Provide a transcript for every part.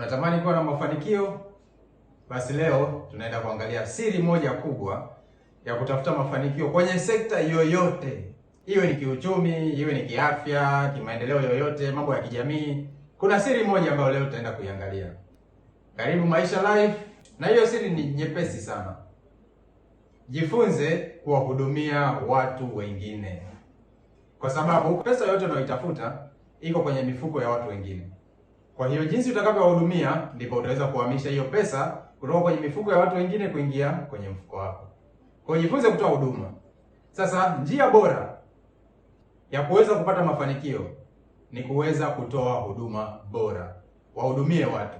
Unatamani kuwa na mafanikio? Basi leo tunaenda kuangalia siri moja kubwa ya kutafuta mafanikio kwenye sekta yoyote, iwe ni kiuchumi, iwe ni kiafya, kimaendeleo yoyote, mambo ya kijamii. Kuna siri moja ambayo leo tutaenda kuiangalia. Karibu Maisha Life, na hiyo siri ni nyepesi sana. Jifunze kuwahudumia watu wengine, kwa sababu pesa yote unayoitafuta iko kwenye mifuko ya watu wengine. Kwa hiyo jinsi utakavyowahudumia ndipo utaweza kuhamisha hiyo pesa kutoka kwenye mifuko ya watu wengine kuingia kwenye mfuko wako. Kwa hiyo jifunze kutoa huduma. Sasa njia bora ya kuweza kupata mafanikio ni kuweza kutoa huduma bora, wahudumie watu.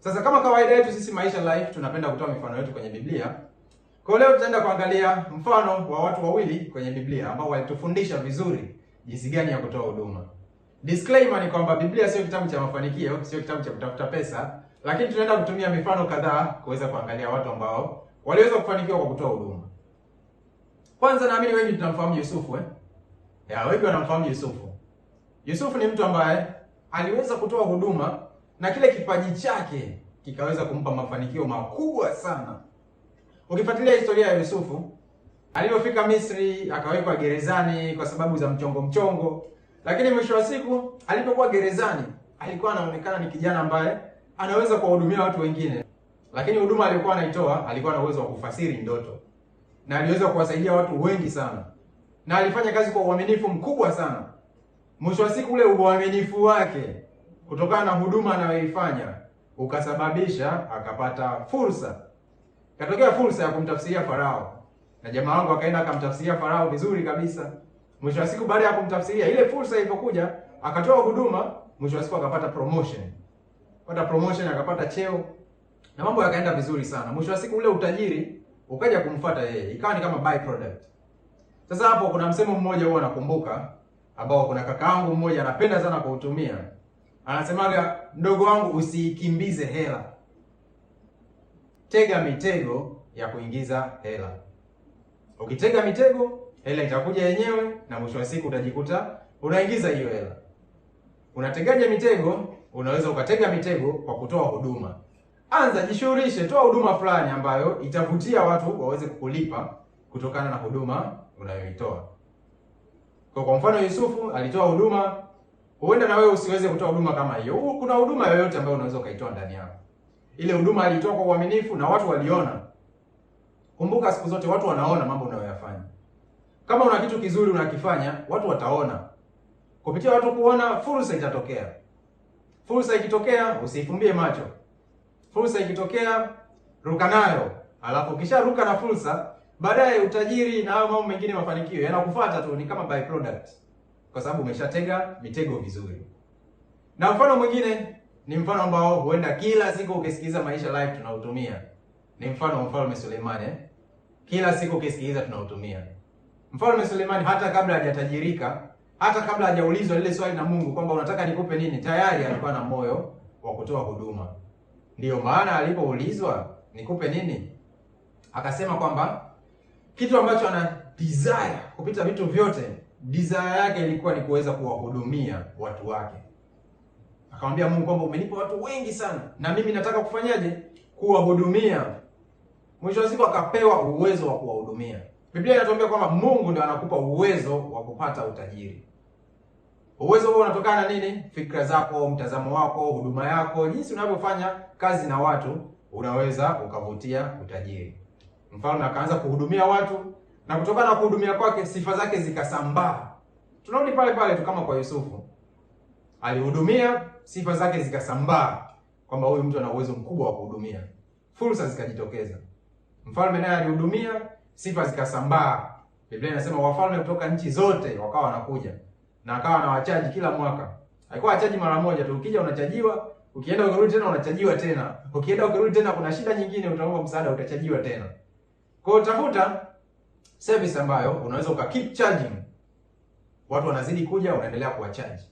Sasa kama kawaida yetu sisi Maisha Life tunapenda kutoa mifano yetu kwenye Biblia. Kwa leo tutaenda kuangalia mfano wa watu wawili kwenye Biblia ambao walitufundisha vizuri jinsi gani ya kutoa huduma. Disclaimer ni kwamba Biblia sio kitabu cha mafanikio, sio kitabu cha kutafuta pesa, lakini tunaenda kutumia mifano kadhaa kuweza kuangalia watu ambao waliweza kufanikiwa kwa kutoa huduma. Kwanza naamini wengi tunamfahamu Yusufu eh? Ya, wengi wanamfahamu Yusufu. Yusufu ni mtu ambaye aliweza kutoa huduma na kile kipaji chake kikaweza kumpa mafanikio makubwa sana. Ukifuatilia historia ya Yusufu, alipofika Misri akawekwa gerezani kwa sababu za mchongo mchongo lakini mwisho wa siku alipokuwa gerezani alikuwa anaonekana ni kijana ambaye anaweza kuwahudumia watu wengine, lakini huduma aliyokuwa anaitoa alikuwa na uwezo wa kufasiri ndoto na aliweza kuwasaidia watu wengi sana, na alifanya kazi kwa uaminifu mkubwa sana. Mwisho wa siku ule uaminifu wake kutokana na huduma anayoifanya ukasababisha akapata fursa, katokea fursa ya kumtafsiria Farao, na jamaa wangu akaenda akamtafsiria Farao vizuri kabisa. Mwisho wa siku baada ya kumtafsiria ile fursa ilipokuja, akatoa huduma, mwisho wa siku akapata promotion. Akapata promotion, akapata cheo na mambo yakaenda vizuri sana. Mwisho wa siku ule utajiri ukaja kumfuata yeye, ikawa ni kama by product. Sasa hapo kuna msemo mmoja huwa nakumbuka ambao kuna kakaangu mmoja anapenda sana kuutumia. Anasemaga, mdogo wangu, usiikimbize hela, tega mitego ya kuingiza hela. Ukitega mitego hela itakuja yenyewe, na mwisho wa siku utajikuta unaingiza hiyo hela. Unategaje mitego? Unaweza ukatega mitego kwa kutoa huduma. Anza, jishughulishe, toa huduma fulani ambayo itavutia watu waweze kukulipa kutokana na huduma unayoitoa. Kwa kwa mfano, Yusufu alitoa huduma, huenda na wewe usiweze kutoa huduma kama hiyo. Kuna huduma yoyote ambayo unaweza ukaitoa ndani yako. Ile huduma alitoa kwa uaminifu na watu waliona. Kumbuka siku zote watu wanaona mambo unayoyafanya. Kama una kitu kizuri unakifanya, watu wataona. Kupitia watu kuona, fursa itatokea. Fursa ikitokea, usiifumbie macho. Fursa ikitokea, ruka nayo. Alafu kisha ruka na fursa, baadaye utajiri na hayo mambo mengine mafanikio yanakufuata tu, ni kama byproduct, kwa sababu umeshatega mitego vizuri. Na mfano mwingine ni mfano ambao huenda kila siku ukisikiliza Maisha Live tunautumia, ni mfano wa Mfalme Suleimani eh? Kila siku ukisikiliza tunautumia Mfalme Sulemani hata kabla hajatajirika, hata kabla hajaulizwa lile swali na Mungu kwamba unataka nikupe nini, tayari alikuwa na moyo wa kutoa huduma. Ndiyo maana alipoulizwa nikupe nini, akasema kwamba kitu ambacho ana desire kupita vitu vyote, desire yake ilikuwa ni kuweza kuwahudumia watu wake. Akamwambia Mungu kwamba umenipa watu wengi sana, na mimi nataka kufanyaje? Kuwahudumia. Mwisho wa siku akapewa uwezo wa kuwahudumia. Biblia inatuambia kwamba Mungu ndiye anakupa uwezo wa kupata utajiri. Uwezo huo unatokana na nini? Fikra zako, mtazamo wako, huduma yako, jinsi unavyofanya kazi na watu, unaweza ukavutia utajiri. Mfalme akaanza kuhudumia watu na kutokana na kuhudumia kwake sifa zake zikasambaa. Tunarudi pale pale tu kama kwa Yusufu. Alihudumia, sifa zake zikasambaa kwamba huyu mtu ana uwezo mkubwa wa kuhudumia. Fursa zikajitokeza. Mfalme naye alihudumia, sifa zikasambaa. Biblia inasema wafalme kutoka nchi zote wakawa wanakuja na akawa anawachaji kila mwaka. Alikuwa achaji mara moja tu, ukija unachajiwa, ukienda ukirudi tena unachajiwa tena, ukienda ukirudi tena kuna shida nyingine, utaomba msaada, utachajiwa tena. Kwa hiyo tafuta service ambayo unaweza uka keep charging, watu wanazidi kuja, unaendelea kuwachaji.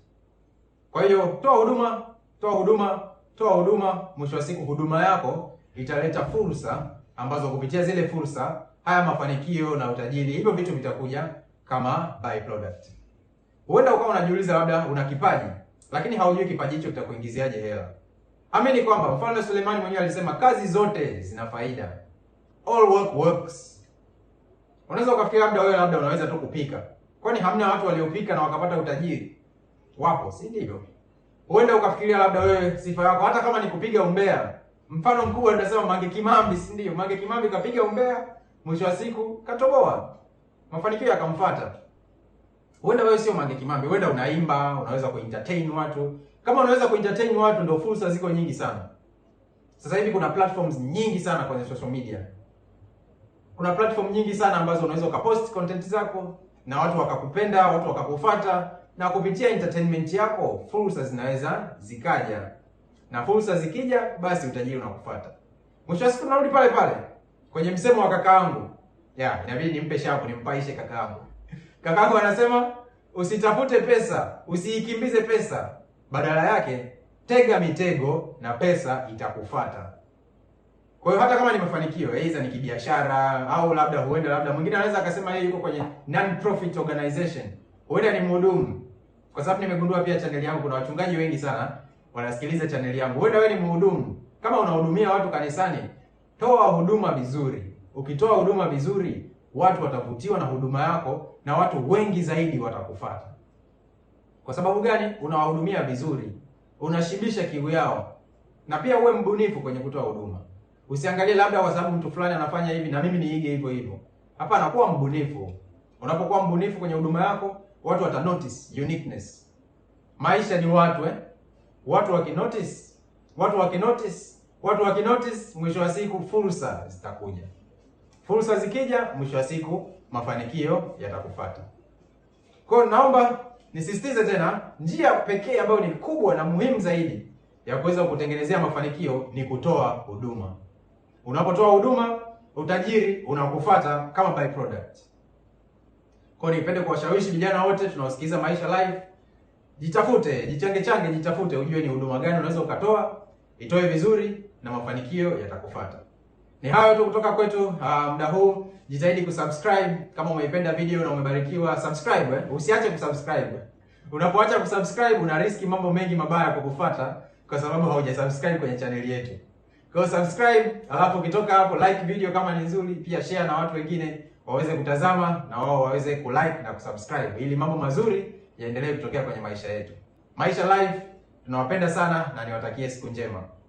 Kwa hiyo toa huduma, toa huduma, toa huduma. Mwisho wa siku huduma yako italeta fursa ambazo kupitia zile fursa haya mafanikio na utajiri, hivyo vitu vitakuja kama byproduct. Huenda ukawa unajiuliza labda una kipaji lakini haujui kipaji hicho kitakuingiziaje hela. Amini kwamba Mfalme Suleimani mwenyewe alisema kazi zote zina faida, all work works. Unaweza ukafikiri labda wewe labda unaweza tu kupika, kwani hamna watu waliopika na wakapata utajiri? Wapo, si ndivyo? Huenda ukafikiria labda wewe sifa yako hata kama ni kupiga umbea. Mfano mkuu anasema Mange Kimambi, si ndio? Mange Kimambi kapiga umbea mwisho wa siku katoboa, mafanikio yakamfata. Huenda wewe sio Mange Kimambi, huenda unaimba, unaweza kuentertain watu. Kama unaweza kuentertain watu, ndio fursa ziko nyingi sana. Sasa hivi kuna platforms nyingi sana kwenye social media, kuna platform nyingi sana ambazo unaweza ukapost content zako na watu wakakupenda, watu wakakufata, na kupitia entertainment yako fursa zinaweza zikaja, na fursa zikija, basi utajiri unakufuata. Mwisho wa siku tunarudi pale pale kwenye msemo wa kakaangu, ya inabidi nimpe shapu, nimpaishe kakaangu. Kakaangu anasema usitafute pesa, usiikimbize pesa, badala yake tega mitego na pesa itakufata. Kwa hiyo hata kama ni mafanikio, aidha ni kibiashara au labda huenda labda mwingine anaweza akasema yeye yuko kwenye non profit organization, huenda ni mhudumu. Kwa sababu nimegundua pia chaneli yangu kuna wachungaji wengi sana wanasikiliza chaneli yangu. Huenda wewe ni mhudumu, kama unahudumia watu kanisani toa huduma vizuri. Ukitoa huduma vizuri, watu watavutiwa na huduma yako na watu wengi zaidi watakufata Kwa sababu gani? Unawahudumia vizuri, unashibisha kiu yao, na pia uwe mbunifu kwenye kutoa huduma. Usiangalie labda kwa sababu mtu fulani anafanya hivi na mimi niige hivyo hivyo. Hapana, kuwa mbunifu. Unapokuwa mbunifu kwenye huduma yako, watu wata notice uniqueness. Maisha ni watu eh? Watu wakinotice, watu wakinotice Watu wakinotice, mwisho wa siku fursa zitakuja. Fursa zikija, mwisho wa siku mafanikio yatakufuata. Kwa hiyo naomba nisisitize tena, njia pekee ambayo ni kubwa na muhimu zaidi ya kuweza kutengenezea mafanikio ni kutoa huduma. Unapotoa huduma, utajiri unakufuata kama product. Kwa hiyo nipende kuwashawishi vijana wote tunaosikiliza Maisha Live, jitafute, jichange change, jitafute ujue ni huduma gani unaweza ukatoa, itoe vizuri na mafanikio yatakufuata. Ni hayo tu kutoka kwetu uh, muda huu. Jitahidi kusubscribe kama umeipenda video na umebarikiwa, subscribe eh. Usiache kusubscribe. Eh. Unapoacha kusubscribe una riski mambo mengi mabaya kukufuata kwa sababu haujasubscribe kwenye channel yetu. Kwa subscribe, alafu ukitoka hapo like video kama ni nzuri, pia share na watu wengine waweze kutazama na wao waweze kulike na kusubscribe ili mambo mazuri yaendelee kutokea kwenye maisha yetu. Maisha Life tunawapenda sana na niwatakie siku njema.